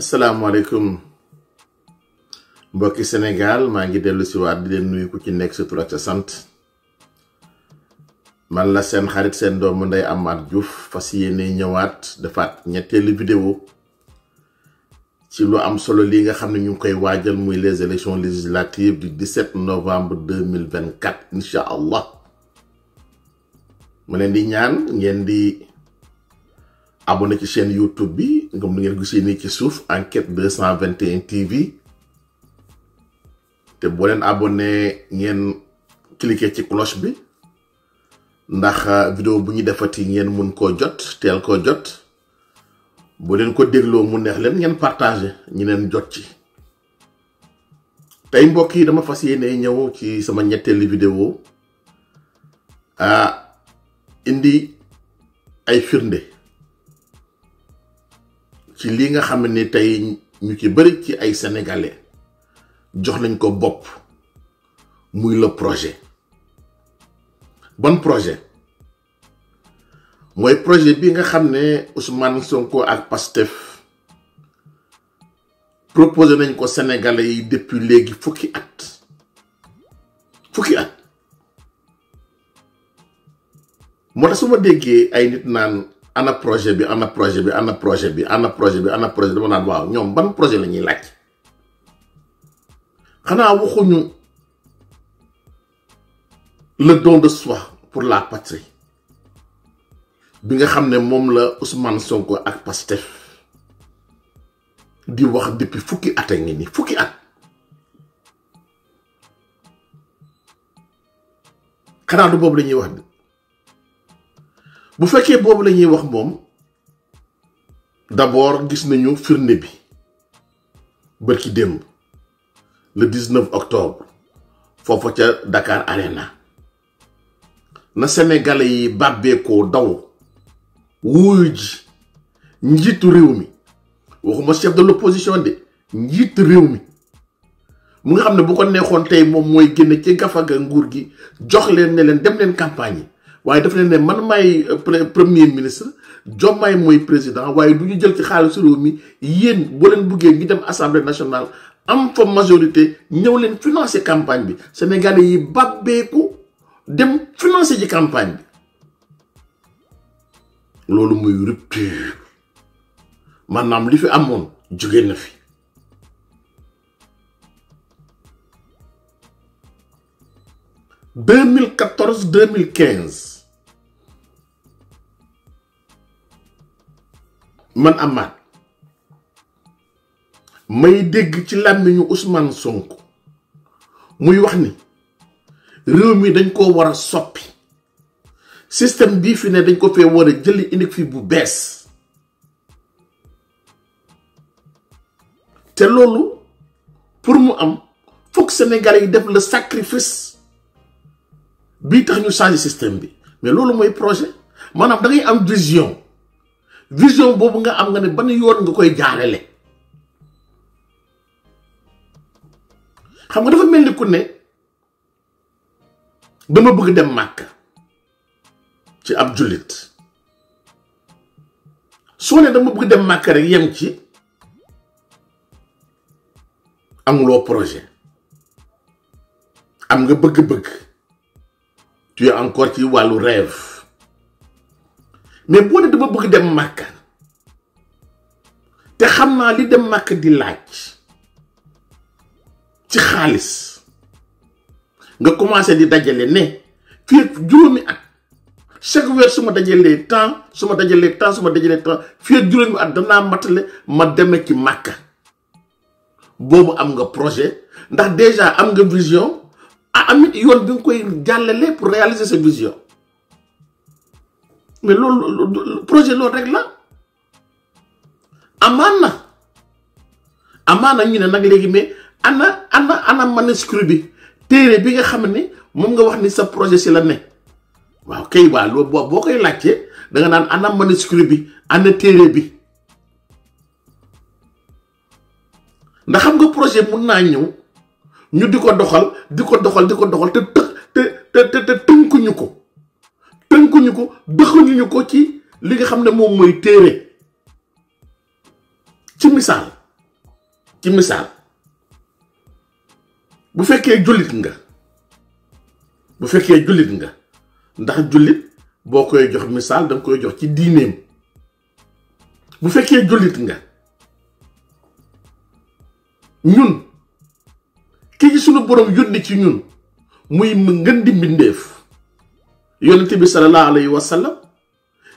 asalaamaaleykum mbokki Sénégal maa ngi dellu si waat di leen nuyu ku ci nekk sa tur sant man la seen xarit seen doomu ndey Amath Diouf fas yéene ñëwaat defaat ñetteelu vidéo ci lu am solo lii nga xam ne ñu ngi koy waajal muy les élections législatives du 17 novembre 2024 incha allah mu leen di ñaan ngeen di. abonné ci chaîne YouTube bi comme ni ngeen gisee nii ci suuf enquête 221 TV te boo leen abone ngeen cliquer ci cloche bi ndax euh, vidéo bu ñu defati ngeen mun koo jot teel koo jot boo leen ko dégloo mu neex leen ngeen partagé ñi leen jot ci tey mbokk yi dama fas yéene ñëw ci sama ñetteelu vidéo ah indi ay firnde ci li nga xam ni tey ñu ki bëri ci ay sénégalais jox nañ ko bopp muy le projet bon projet mooy projet bi nga xam ne ausman Sonko ak Pastef proposé nañ ko sénégalais yi depuis léegi fukki at fukki at moo tax su déggee ay nit naan. ana projet bi ana projet bi ana projet bi ana projet bi ana projet dama naan waaw ñoom ban projet la ñuy laaj xanaa waxuñu le don de soi pour la patrie bi nga xam ne moom la Ousmane Sonko ak Pastef di wax depuis fukki at a ngi nii fukki at xanaa du boobu la ñuy wax bi bu fekkee boobu la ñuy wax moom d'abord gis nañu firnde bi bërki démb le 19 octobre foofa ca Dakar Arena na sénégalais yi bàbbeekoo daw wuuyu ji njiitu réew mi waxuma chef de l'opposition de njiitu réew mi mu nga xam ne bu ko neexoon tey moom mooy génn ci gafaga nguur gi jox leen ne leen dem leen campagne yi waaye dafa ne ne man maay euh, premier ministre Diomaye mooy président waaye du ñu jël ci xaalisu réew mi yéen boo leen buggee ngi dem assemblée nationale am fa majorité ñëw leen financer campagne bi sénégalais yi bàbbeeku dem financer ci campagne bi loolu muy rupture maanaam li fi amoon jóge na fi 2014 2015 man Amath may dégg ci làmmiñu Ousmane sonk muy wax ni réew mi dañ ko war a soppi système bii fi ne dañ ko fee war a indi fi bu bees te loolu pour mu am foog Sénégal yi def le sacrifice bii tax ñu changer système bi mais loolu mooy projet maanaam da ngay am vision vision boobu nga am nga ne ban yoon nga koy jaarale. xam nga dafa mel ni ku ne dama bugg dem màkk ci ab jullit soo dama bëgg dem màkk rek yem ci amuloo projet am nga bëgg-bëgg. tu encore ci wàllu rêve mais boo ne dama bëgg dem màkka te xam naa li dem màkk di laaj ci xaalis nga commencé di dajale ne fii ak juróomi at chaque weer su ma dajalee temps su ma dajalee temps su ma dajalee temps fii ak juróomi at danaa matale ma demee ci màkka boobu am nga projet ndax déjà am nga vision amit yoon bi nga koy jàllale pour réaliser sa vision mais loolu projet loolu rek la amaan na amaan na ñu ne nag léegi mais ana ana ana manuscrit bi téere bi nga xam ni moom nga wax ni sa projet si la ne waaw kay waa loolu boo boo koy laajte da nga naan ana manuscrit bi ana téere bi ndax xam nga projet mun naa ñëw. ñu di ko doxal di ko doxal di ko doxal te të te tënkuñu ko tënkuñu ko ñu ko ci li nga xam ne moom mooy téere ci misaal ci misaal bu fekkee jullit nga bu fekkee jullit nga ndax jullit boo koy jox misaal danga koy jox ci diineem bu fekkee jullit nga ñun ki suñu borom yónni ci ñun muy ngën di mbindeef yonent bi sallallahu alayhi wa sallam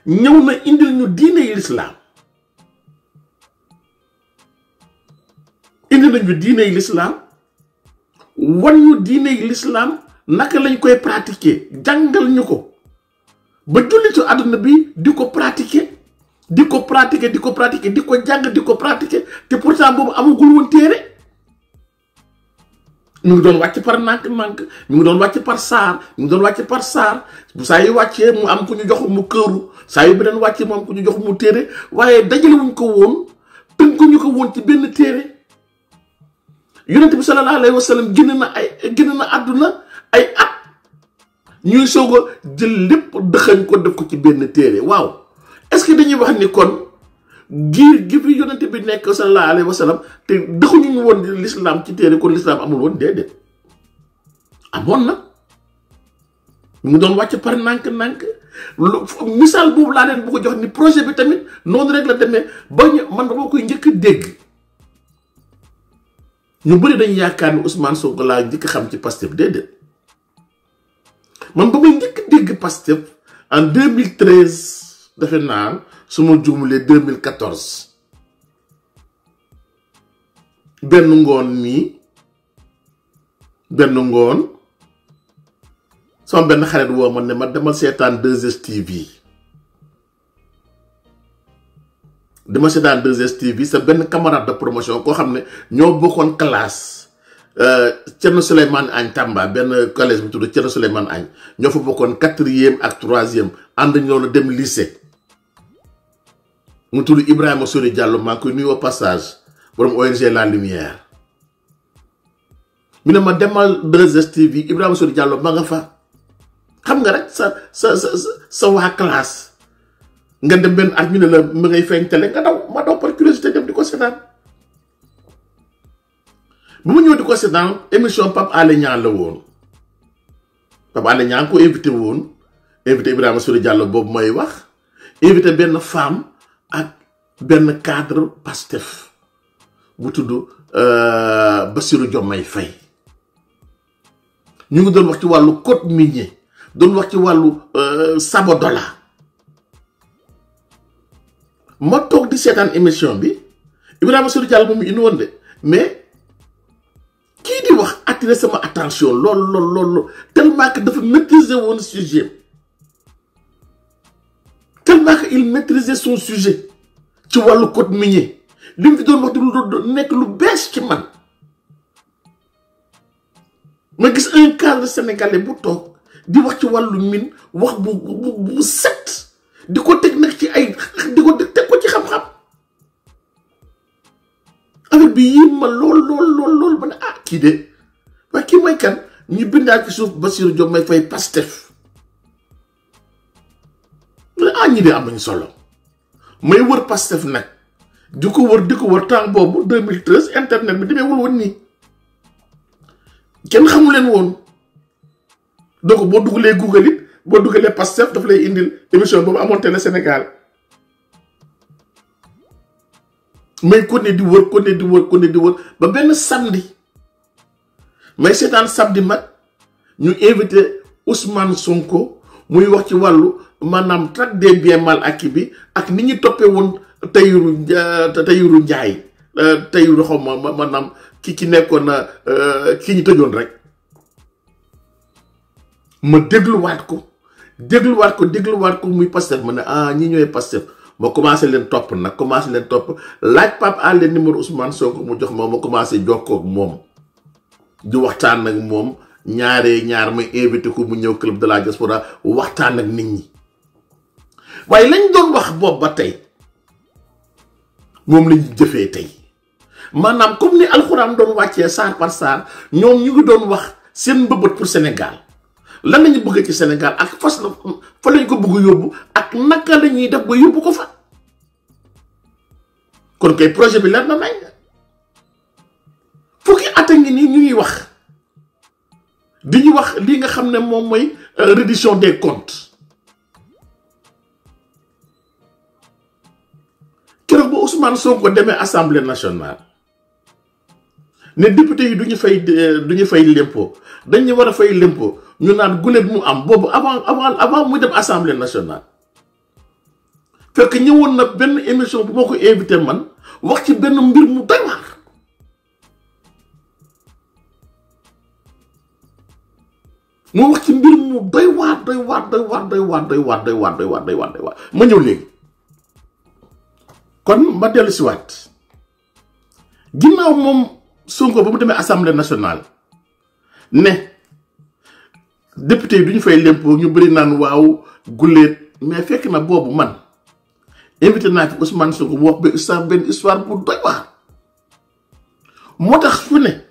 ñëw na indil ñu diine yi lislaam indi nañu diine yi lislaam wan ñu diine yi lislaam naka lañ koy pratiquer jàngal ñu ko ba jullitu àdduna bi di ko pratiquer di ko pratiquer di ko pratiquer di ko jàng di ko pratiquer te pourtant boobu amagul téere ñu ngi doon wàcc par nànk nànk mu ngi doon wàcc par saar mu ngi doon wàcc par saar bu saa yu wàccee mu am ku ñu jox mu këru saa yu beneen wàccee mu am ku ñu jox mu téere waaye dajalewuñ ko woon tënkuñu ko woon ci benn téere yonent bi sallallahu alayhi wa sallam génn na ay génn na àdduna ay at ñuy soog jël lépp dëxañ ko def ko ci benn téere waaw est-ce que dañuy wax ni kon. giir gi fi yonente bi nekk sallallahu alayhi te dëxuñu ñu woon lislaam ci téere kon l'islam amul woon déedéet amoon na mu doon wàcc par nànk-nànk misaal boobu laa leen bu ko jox ni projet bi tamit noonu rek la demee ba ñu man dama koy njëkk dégg ñu bëri dañu yaakaar ni soo ko laa njëkk xam ci Pastef déedéet man ba may njëkk dégg Pastef en 2013 defe naa su ma juumlee benn ngoon mii benn ngoon sama benn xarit woo ma ne ma dama seetaan 2STV dama seetaan 2STV sa benn camarade de promotion koo xam ne ñoo bokkoon classe euh, Thierno Souleymane Agne Tamba benn collège bi tudd Thierno Souleymane Agne ñoo fa bokkoon quatrième ak troisième ànd ñoo dem lycée. mu tudd Ibrahima Sori Diallo maa ngi koy nuyu au passage borom ONG La Lumière mu ne ma demal 2STV yi Ibrahima Sori Diallo ma nga nga rek sa nga dem benn at mi ngay feeñ tele nga daw ma daw émission Pape Alé Niang la ko invité woon invité Ibrahima Sori Diallo boobu may wax invité benn femme. benn cadre Pastef bu tudd euh, Bassirou may Faye ñu ngi doon wax ci wàllu code minier doon wax ci wàllu sabo euh, Sabodola ma toog di seetaan émission bi Ibrahima Sori Diallo moom indi woon de mais kii di wax attiré sama attention lool lool lool tellement que dafa maîtriser woon sujet tellement que il maîtrisait son sujet ci wàllu code mi li mu fi doon wax du nekk lu bees ci man ma gis un cadre sénégalais bu toog di wax ci wàllu mine wax bu bu set di ko teg nag ci ay di ko teg ko ci xam-xam affaire bi yéem ma lool lool lool ba ne ah kii de waaye kii mooy kan ñu bindaat ci suuf Bassirou Diomaye Faye Pastef mu ne ah ñi de am nañu solo may wër Pastef nag ju ko wër di ko wër temps boobu 2013 internet bi demeewul woon nii kenn xamu leen woon donc boo dugalee Google it boo dugalee Pastef daf lay indil émission boobu amoon télé Sénégal may ko ne di wër ko ne di wër ko ne di wër ba benn samedi may seetaan samedi mag ñu invité Ousmane Sonko muy wax ci wàllu maanaam traque des biens mal acquis bi ak ni ñu toppee woon Tahirou Tahirou Ndiaye euh, Tahirou xaw ma manaam ki ci nekkoon na euh, ki ñu tëjoon rek ma dégluwaat ko dégluwaat ko dégluwaat ko muy Pastef ma ne ah ñi ñooy Pastef ma commencé leen topp nag commencé leen topp laaj Pape Alé numéro Ousmane Sonko mu jox ma ma commencé jokkoo moom di waxtaan ak moom ñaaree ñaar may invité ko mu ñëw club de la diaspora waxtaan ak nit ñi. waaye lañ doon wax boobu ba tey moom lañ jëfee tey maanaam comme ni alxuraan doon wàccee saar par saar ñoom ñu ngi doon wax seen mbëbët pour Sénégal lan lañu bëgg ci Sénégal ak fas la fa lañ ko bëgg yóbbu ak naka lañuy ñuy def ba yóbbu ko fa kon kay projet bi lan na nañ fukki at ngi nii ñu ngi wax di ñu wax li nga xam ne moom mooy euh, reddition des comptes keroog ba Ousmane Sonko demee assemblée nationale ne député yi du ñu fay euh, du ñu fay lempo dañ war a fay lempo ñu naan gune bi mu am boobu avant avant avant muy dem assemblée nationale. fekk ñëwoon na benn émission bu ma ko invité man wax ci benn mbir mu doy waar mu wax ci mbir mu doy waar doy waar doy waar doy waar doy waar doy waar doy waar doy waar ma ñëw léegi. kon ma dellu si waat ginnaaw moom Sonko ba mu demee assemblée nationale ne député yi du ñu fay lempo ñu bari naan waaw guléet mais fekk na boobu man invité naa fi Ousmane Sonko mu wax ba histoire benn histoire bu doy waar moo tax fu ne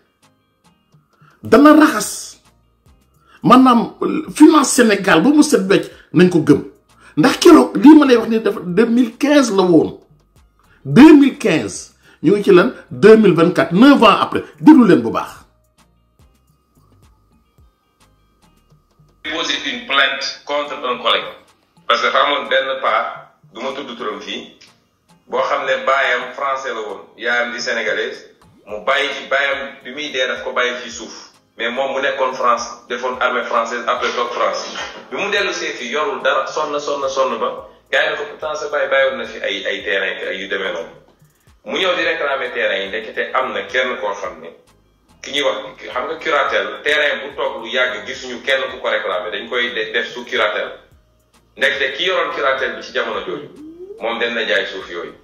dana raxas maanaam finance Sénégal ba mu set becc nañ ko gëm ndax keroog lii ma lay wax ni dafa 2015 la woon. deux mille ñu ngi ci lan deux mille vingt quatre neuf ans après leen bu baax. déposer une plainte contre un collègue parce que xamoon benn paa du ma tudd turam fii boo xam ne baayam français la woon yaayam di sénégalaise mu bàyyi ci baayam bi muy dee daf ko bàyyi ci suuf mais moom mu nekkoon France defoon armée française après toog France bi mu dellu see yorul dara sonn sonn sonn ba. gars yi ne ko sa bàyyi bàyyiwoon na fi ay ay terrain yu demee mu ñëw di terrain yi ndekete am na kenn koo ki ñuy wax xam nga curatelle terrain bu toog lu yàgg gisuñu kenn ku ko dañ koy def sous curatelle ndekete ki yoroon curatelle bi ci jamono jooju moom dem na jaay suuf yooyu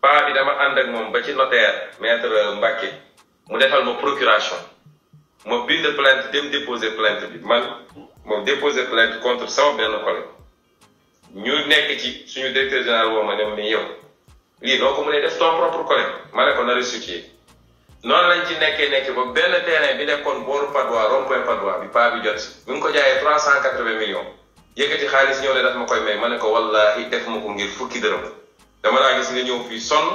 paa bi moom ba ci notaire maître Mbacke mu defal ma procuration ma bind plainte dem déposer plainte bi man moom déposer plainte contre sama benn collègue ñu nekk ci suñu directeur général woo ma ne ma yow lii doo ko mënee def ton propre collègue ma ne ko na restituer noonu lañ ci nekkee nekk ba benn terrain bi nekkoon booru Padois rond-point Padois bi paa bi jot mi ngi ko jaayee trois cent quatre-vingts millions yëkkati xaalis ñëw ne daf ma koy may ma ne ko wallaahi def ma ko ngir fukki dërëm dama laa gis nga ñëw fii sonn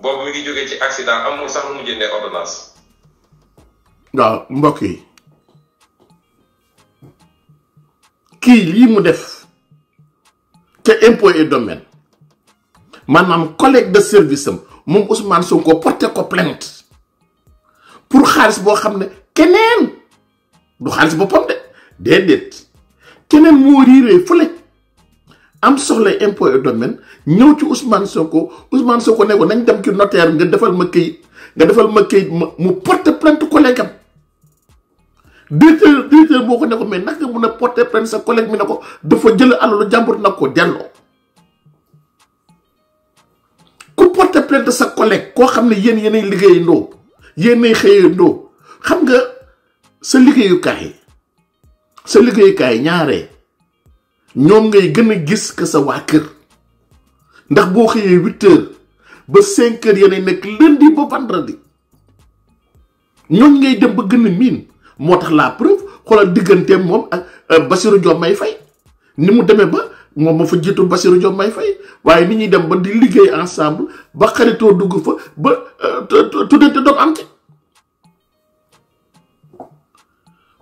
boobu mi ngi jógee ci accident amul sax mu jëndee ordonnance. waaw mbokk yi kii lii mu def. te impôt et domaine maanaam collègue de service am moom Ousmane Sonko porté ko plainte pour xaalis boo xam ne keneen du xaalis boppam de déedéet keneen moo riiree fële am soxla impôt et domaine ñëw ci Ousmane Sonko Ousmane Sonko ne ko nañ dem ci notaire nga defal ma këyit nga defal ma këyit mu porté plainte collègue am directeur directeur boo ko ne ko mais naka mun a porter plainte sa collègue mi ne ko dafa jël alalu jàmbur nag ko delloo ku porter plainte sa collègue koo xam ne yéen yéenay liggéeyandoo yéenay xëyandoo xam nga sa liggéeyukaay sa liggéeyukaay ñaare ñoom ngay gën a gis que sa waa kër ndax boo xëyee huit ba cinq heures yeneen nekk lundi ba vendredi ñoom ngay dem ba gën a miin. moo tax la preuve xoolal digganteem moom ak euh, Bassirou Diomaye fay ni mu demee ba moom moo fa jiitu Bassirou Diomaye fay waaye ni ñuy dem ba di liggéey ensemble ba xaritoo dugg fa ba euh, tuddante doog am ci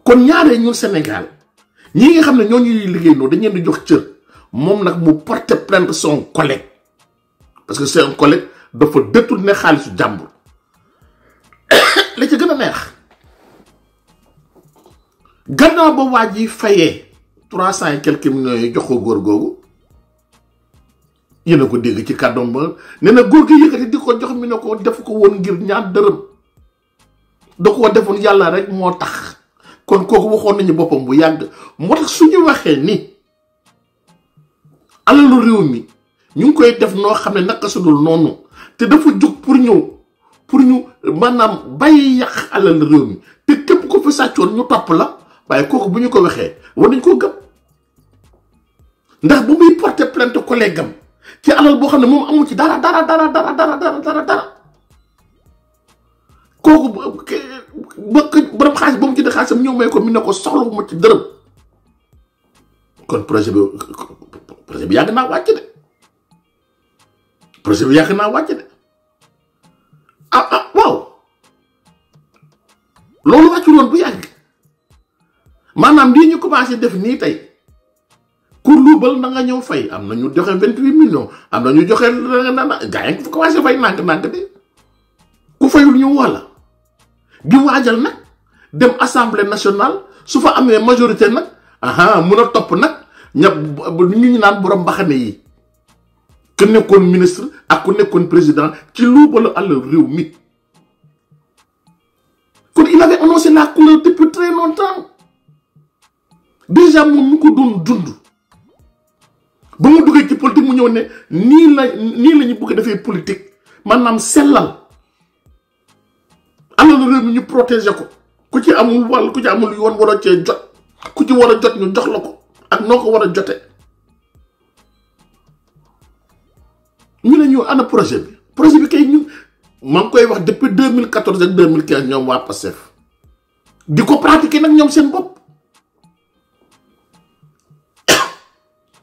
kon ñaaree ñun Sénégal ñi nga xam ne ñoo ñuy liggéey noonu dañu di jox cër moom nag mu porter plainte son collègue parce que c'est un collègue dafa détourné xaalisu jàmbur la ci gën a neex gannaaw ba waa ji fayee trois cent yi quelques millions yi jox ko góor googu yéen ko dégg ci kàddoom ba ne na góor gi yëkkati di ko jox mi ne ko def ko woon ngir ñaar dërëm da koo defoon yàlla rek moo tax kon kooku waxoon nañu boppam bu yàgg moo tax su ñu waxee ni alalu réew mi ñu ngi koy def noo xam ne naka su noonu te dafa jóg pour ñëw pour ñu maanaam bàyyi yàq alal réew mi te képp ko fi sàccoon ñu topp la waaye kooku bu ñu ko waxee war nañ koo gëm ndax bu muy porter plainte collègue am ci alal boo xam ne moom amul ci dara dara dara dara dara dara dara kooku ba borom xaalis ba mu jënd xaalisam ñëw may ko mi ne ko soxla ma ci dërëm kon projet bi bi yàgg naa wàcc de projet bi yàgg naa wàcc de ah, ah waaw loolu wàccu woon bu yàgg. maanaam lii ñu commencé def nii tey ku luubal na ñëw fay am na ñu joxe vingt huit millions am na ñu joxe gaa yi commencé fay nànk-nànk de ku fayul ñu walla di waajal nag dem assemblée nationale su fa amee majorité nag aha mun a topp nag ña ñu ñu naan borom mbaxane yi ku nekkoon ministre ak ku nekkoon président ci luubalu àll réew mi kon il avait annoncé la couleur depuis très longtemps déjà moom mu ko doon dund ba mu duggee ci politique mu ñëw ne nii la nii la ñu bëgg dafay politique maanaam sellal alalu réew mi ñu protéger ko ku ci amul wàll ku ci amul yoon war a cee jot ku ci war a jot ñu jox la ko ak noo ko war a jote ñu ne ñu ana projet bi projet bi kay ñu maa ngi koy wax depuis 2014 ak 2015 ñoom waa Pastef di ko pratiquer nag ñoom seen bopp.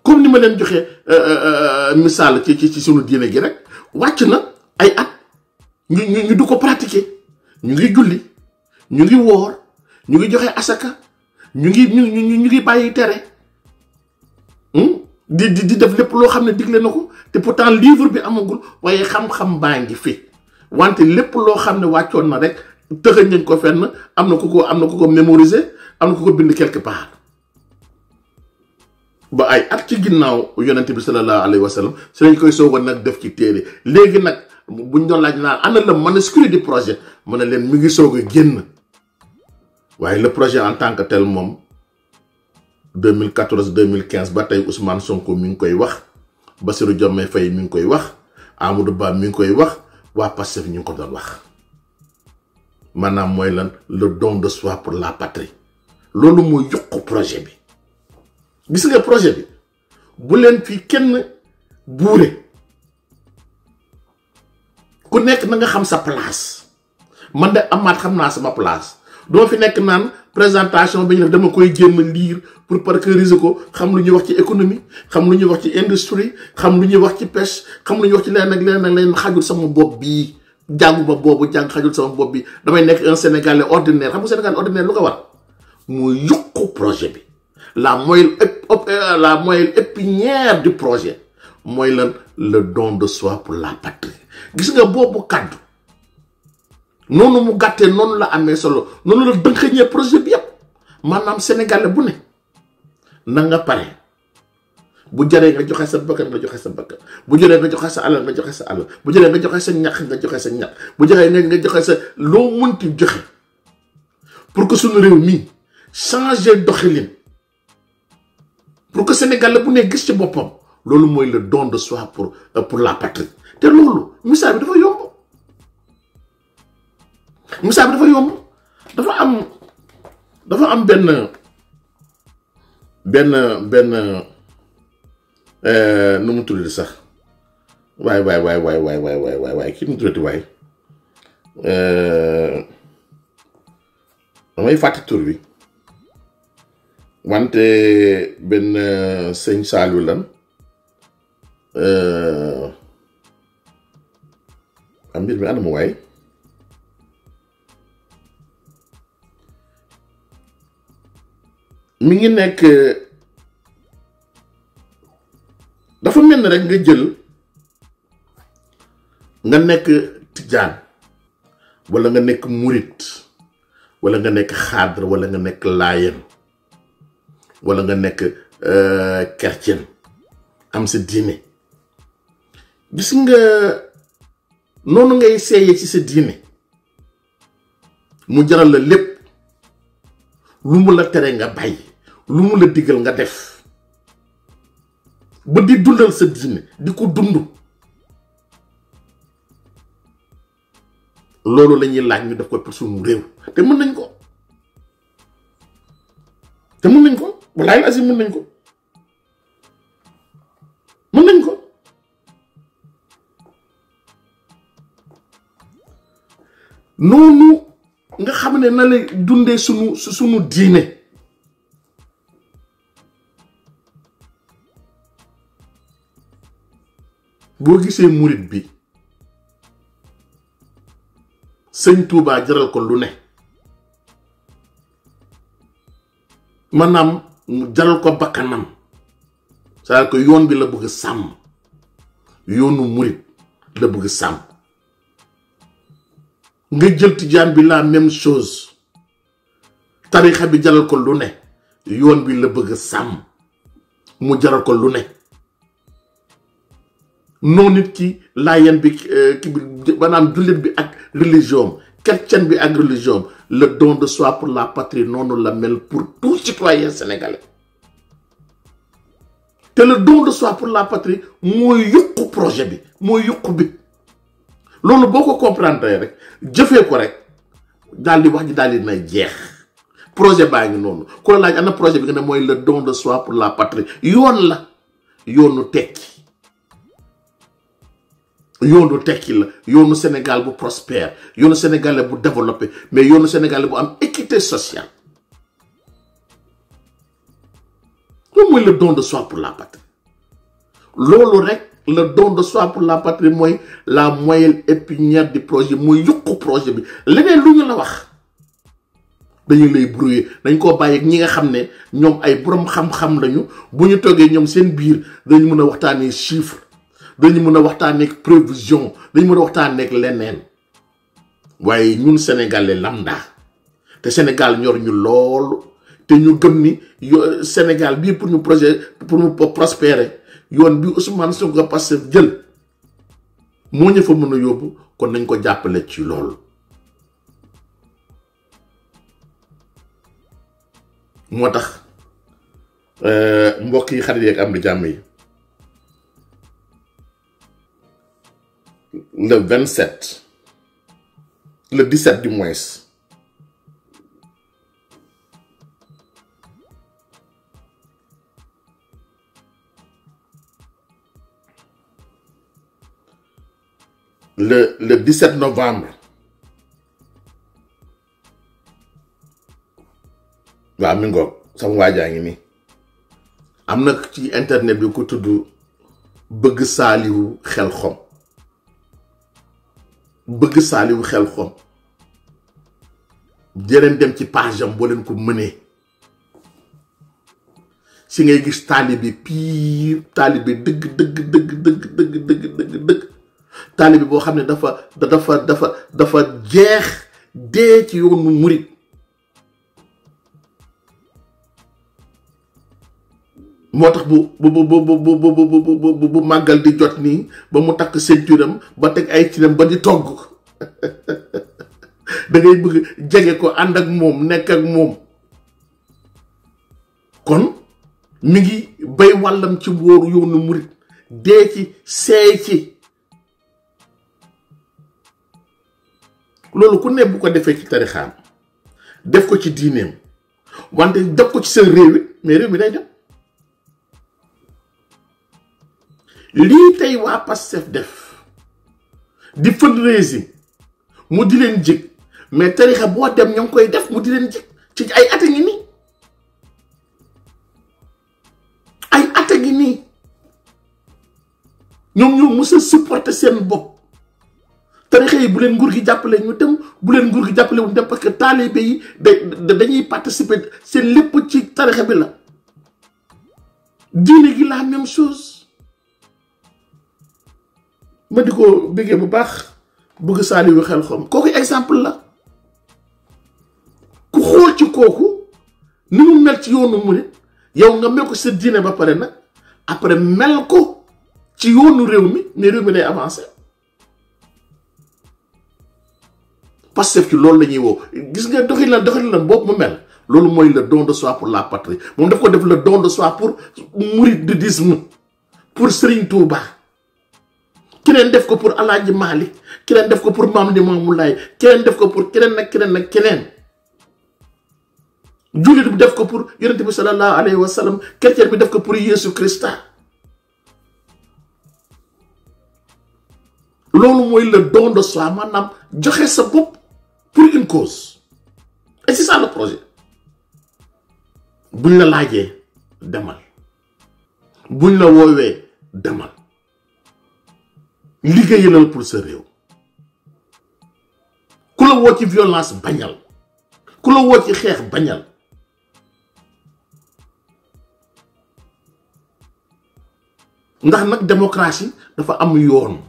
comme ni ma leen joxee euh, euh, euh, misaal ci ci ci sunu diine gi rek wàcc na ay at ñu ñu ñu du ko pratiquer ñu ngi julli ñu ngi woor ñu ngi joxe asaka ñu ngi ñu ñu ñu ngi bàyyi tere hmm? di di di def lépp loo xam ne digle na ko te pourtant livre bi amagul waaye xam-xam baa ngi fi wante lépp loo xam ne wàccoon na rek tëxëñ nañ ko fenn am na ko ko am na ko ko mémoriser am na ku ko bind quelque part. ba ay at ci ginnaaw yonente bi sallallahu alayhi wa sallam si lañ koy soogoon nag def ci téere léegi nag buñ doon laaj naan ana la manuscrit di projet mu ne leen mi ngi soog génn waaye le projet en tant que tel moom 2014 2015 ba tey Ousmane Sonko mi ngi koy wax jot may fay mi ngi koy wax Amadou Ba mi ngi koy wax waa Pastef ñu ngi ko doon wax maanaam mooy lan le don de soi pour la patrie loolu mooy yokk projet bi. gis nga projet bi bu leen fii kenn buure ku nekk na nga xam sa place man de amaat xam naa sama place doo fi nekk naan présentation bi ñu def dama koy jéem a lire pour parcourir ko xam lu ñuy wax ci économie xam lu ñuy wax ci industrie xam lu ñuy wax ci pêche xam lu ñuy wax ci leneen ak leneen ak leneen xajul sama bopp bii ba boobu jàng xajul sama bopp bi damay nekk un sénégalais ordinaire xam nga sénégalais ordinaire lu ko war mu yokku projet bi. la moelle euh, la moelle épinière du projet mooy lan le don de soi pour la patrie gis nga boobu kàddu noonu mu gàttee noonu la amee solo noonu la dënkañee projet bi yëpp maanaam sénégalais bu ne na nga pare bu jaree nga joxe sa bakkan nga joxe sa bakkan bu jëree nga joxe sa alal nga joxe sa alal bu jëree nga joxe sa ñax nga joxe sa ñax bu joxee nga joxe sa loo mënti joxe pour que suñu réew mii changer doxalin pour que Sénégal bu ne gis ci boppam loolu mooy le don de soi pour euh, pour la patrie te loolu misaal bi dafa yomb misaal bi dafa yomb dafa am dafa am benn benn benn euh, nu mu tuddati sax waay waay waay waay waay waay waay waay waay kii mu tuddati waay euh, damay tur bi. wante benn euh, sëñ Saliou lan euh, am mbir mi ànd ma waay mi ngi nekk dafa mel ni rek nga jël nga nekk tijaan wala nga nekk murit walla nga nekk xaadar wala nga nekk laayeen wala nga nekk euh, chrétien am sa diine gis nga noonu ngay seeyee ci sa diine mu jaral la lépp lu mu la tere nga bàyyi lu mu la digal nga def ba di dundal sa diine di ko dund loolu la laaj ñu def ko pour réew te mën nañ ko te mën nañ ko walaay asi mën nañ ko mën nañ ko noonu nga xam ne na lay dundee sunu sunu diine boo gisee murit bi sëñ Tuubaa jaral ko lu ne maanaam mu jaral ko bakkanam c'est-à-dire yoon bi la bëgg sàmm yoonu murit la bëgg sàmm nga jël tijaan bi la même chose tarixa bi jaral ko lu ne yoon bi la bëgg sàmm mu jaral ko lu ne noo nit ki laayen bi euh, ki bi maanaam bi ak religion chrétienne bi ak religion le don de soi pour la patrie noonu la mel pour tout citoyen sénégalais te le don de soi pour la patrie mooy yuqu projet bi mooy yuqu bi loolu boo ko comprendre rek jëfee ko rek daal di wax ji daal di na jeex projet baa ngi noonu ku la laaj na projet bi nga ne mooy le don de soi pour la patrie yoon la yoonu tekki yoonu tekki la yoonu Sénégal bu prosper yoonu sénégalais bu développé mais yoonu sénégalais bu am équité sociale loolu mooy le don de soi pour la patrie loolu rek la don de soi pour la patrie mooy la moelle épinière du projet mooy yokku projet bi leneen lu ñu la wax dañu lay brouiller dañ koo bàyyi ñi nga xam ne ñoom ay borom xam-xam lañu bu ñu toogee ñoom seen biir dañ mën a waxtaanee chiffre dañu mën a waxtaan ak prévision dañu mën a waxtaan ak leneen waaye ñun sénégalais lambda te Sénégal ñor ñu loolu te ñu gëm ni Sénégal bii pour ñu projet pour mu prospérer yoon bi Ousmane Sonko Pastef jël moo ñu fa mën a yóbbu kon nañ ko jàppale ci loolu moo tax euh, mbokk yi xarit yeeg am di jàmm yi le 27 le 17 du moins le le 17 novembre waaw mi ngoog sama waajaa ngi nii am na ci internet bi ko tudd bëgg saaliwu xel xom bëgg saaliwu xel xom jëreen dem ci page am ko mënee si ngay gis taalibe pire taalibe dëgg dëgg dëgg dëgg dëgg dëgg dëgg dëgg boo xam ne dafa dafa dafa dafa jeex dee ci yoonu murit moo tax bu bu bu bu bu bu bu màggal di jot nii ba mu takk ceinture am ba teg ay cinam ba di togg da ngay bëgg jege ko ànd ak moom nekk ak moom kon mi ngi bay wàllam ci wóoru yoonu murit dee ci seey ci loolu ku ne bu ko defee ci tarixaam def ko ci diineem wante def ko ci seen réew it mais réew mi day dem lii tey waa Pastef def di fundraising mu di leen jëg mais tarixa boo dem ñoo ngi koy def mu di leen jëg ci ay at a ngi nii ay at a ngi nii ñoom ñoo mës a seen bopp tarixa yi bu leen nguur gi jàppale ñu dem bu leen nguur gi jàppale wu dem parce que taalibe yi da dañuy participer seen lépp ci tarixa bi la diine gi la même chose ma di ko bëggee bu baax bëgg Saliou xel xom kooku exemple la ku xool ci kooku ni mu mel ci yoonu mu yow nga mel ko sa diine ba pare nag après mel ko ci yoonu réew mi ne réew mi day avancé Pastef ci loolu la ñuy woo gis nga doxalinam doxalinam boobu mu mel loolu mooy le don de soi pour la patrie moom daf ko def le don de soi pour mouridisme pour Serigne Touba. keneen def ko pour Alaaji Maalik keneen def ko pour Maam Limaamu Laay keneen def ko pour keneen na keneen na keneen jullit bi def ko pour yonente bi sallallahu alayhi wa sallam bi def ko pour Yeesu Krista loolu mooy le don de soi maanaam joxe sa bopp pour une cause et c'est ça le projet buñ la laajee demal buñ la woowee demal liggéeyalal pour sa réew ku la woo ci violence bañal ku la woo ci xeex bañal ndax nag démocratie dafa am yoon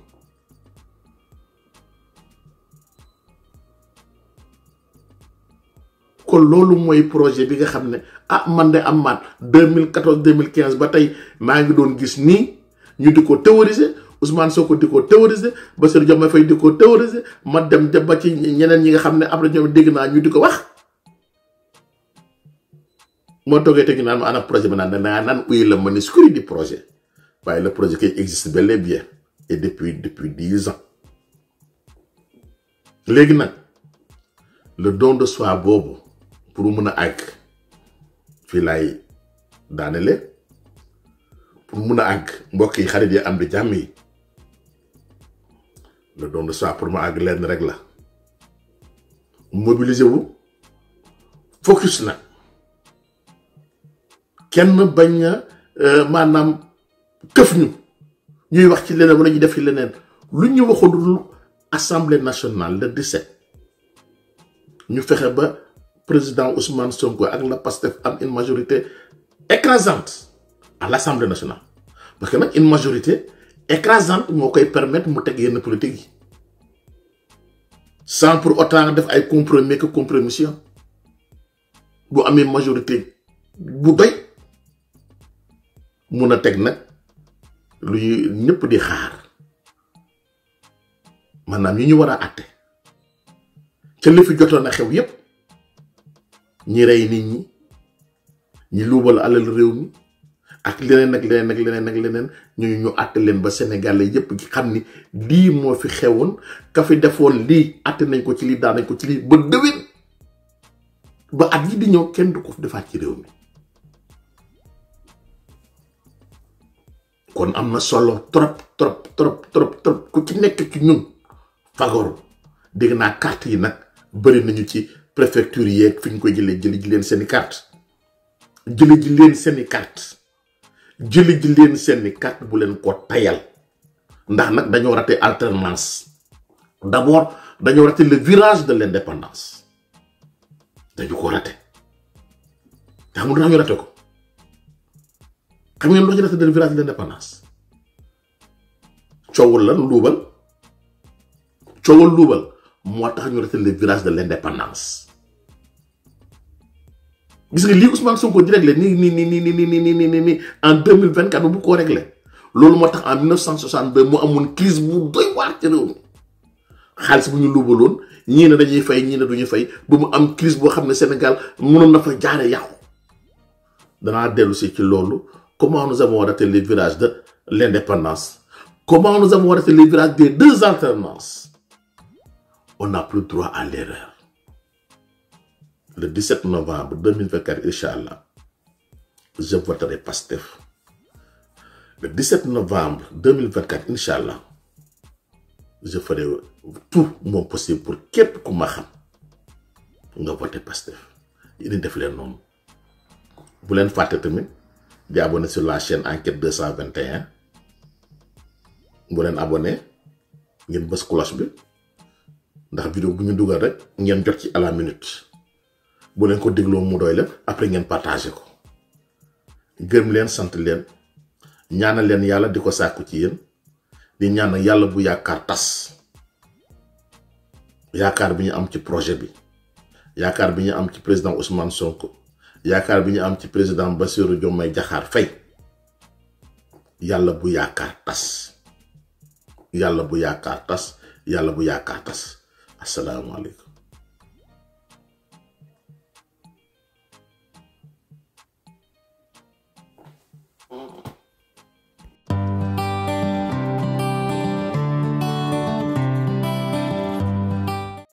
kon loolu mooy projet bi nga xam ne ah man de am de 2014 2015 ba tey maa ngi doon gis nii ñu di ko théoriser Ousmane soo di ko théoriser Bassirou Diomaye Faye di ko théoriser ma dem dem ba ci ñeneen ñi nga xam ne après ñoom dégg naa ñu di ko wax. moo toogee tegi naan ma ana projet bi naan danaa naan uyu la manuscrit du projet waaye le projet qui existe bel et bien et depuis depuis dix ans. léegi nag le don de soi boobu pour mun a àgg fii laay daanele pour mun a àgg mbokk yi xarit yi am di jàmm yi. le don pour ma àgg lenn rek la mobiliser wu focus na kenn bañ na euh, maanaam këf ñu ñuy wax ci leneen wala ñuy def ci leneen lu ñu waxul assemblée nationale le 17 ñu fexe ba président Ousmane Sonko ak la Pastef am une majorité écrasante à l'assemblée nationale parce que nag une majorité. écrasante moo koy permettre mu teg yenn politique yi sans pour autant def ay compromis que compromission bu amee majorité bu doy mun a teg nag lu ñëpp di xaar maanaam yi ñu war a àtte ca li fi jotoon a xew yépp ñi rey nit ñi ñi luubal alal réew mi ak leneen ak leneen ak leneen ak leneen ñooñu ñu àtt leen ba sénégalais yépp xam ni lii moo fi xewoon ka fi defoon lii àtt nañ ko ci lii daan nañ ko ci lii ba déwén ba at yi di ñëw kenn du ko defaat ci réew mi kon am na solo trop trop trop trop trop ku ci nekk ci ñun fagaru dégg naa kart yi nag bari nañu ci préfecture yeeg fi ñu koy jëlee jëli ji leen seeni carte jëli ji leen seeni carte jëli ji leen seeni carte bu leen ko tayal ndax nag dañoo raté alternance d'abord dañoo raté le virage de l'indépendance dañu ko raté te xam nga ñu raté ko xam ngeen loo ci raté le village de l'indépendance coowul lan luubal coowul luubal moo tax ñu raté le virage de l'indépendance gis nga lii Ousmane Sonko di réglé nii nii nii nii nii nii nii nii nii en deux mille vingt quatre bu ko réglé loolu moo tax en mille neuf cent soixante deux mu amoon crise bu doy waar ci réew mi xaalis bu ñu luubaloon ñii ne dañuy fay ñii ne duñu fay ba mu am crise boo xam ne Sénégal mënoon na fa jaare yàqu danaa dellu si ci loolu comment nous avons raté les virages de l'indépendance comment nous avons raté les virages des deux alternances on n'a plus droit à l'erreur le dix 17 novembre 2024 incha allah je voterai Pastef le 17 novembre 2024 incha allah je ferai tout mon possible pour képp ku ma xam nga voter Pastef yéen def leen noonu bu leen fàtte tamit di abonné sur la chaine enquête cent 221 bu leen abonné ngeen bës cloche bi ndax vidéo bu ñu dugal rek ngeen jot ci à la minute. bu leen ko dégloo mu doy leen après ngeen partagé ko gërëm leen sant leen ñaana leen yàlla di ko sàkku ci yéen di ñaanal yàlla bu yaakaar tas yaakaar bi ñu am ci projet bi yaakaar bi ñu am ci président Ousmane Sonko yaakaar bi ñu am ci président Bassirou Diomaye jaxaar Faye yàlla bu yaakaar tas yàlla bu yaakaar tas yàlla bu yaakaar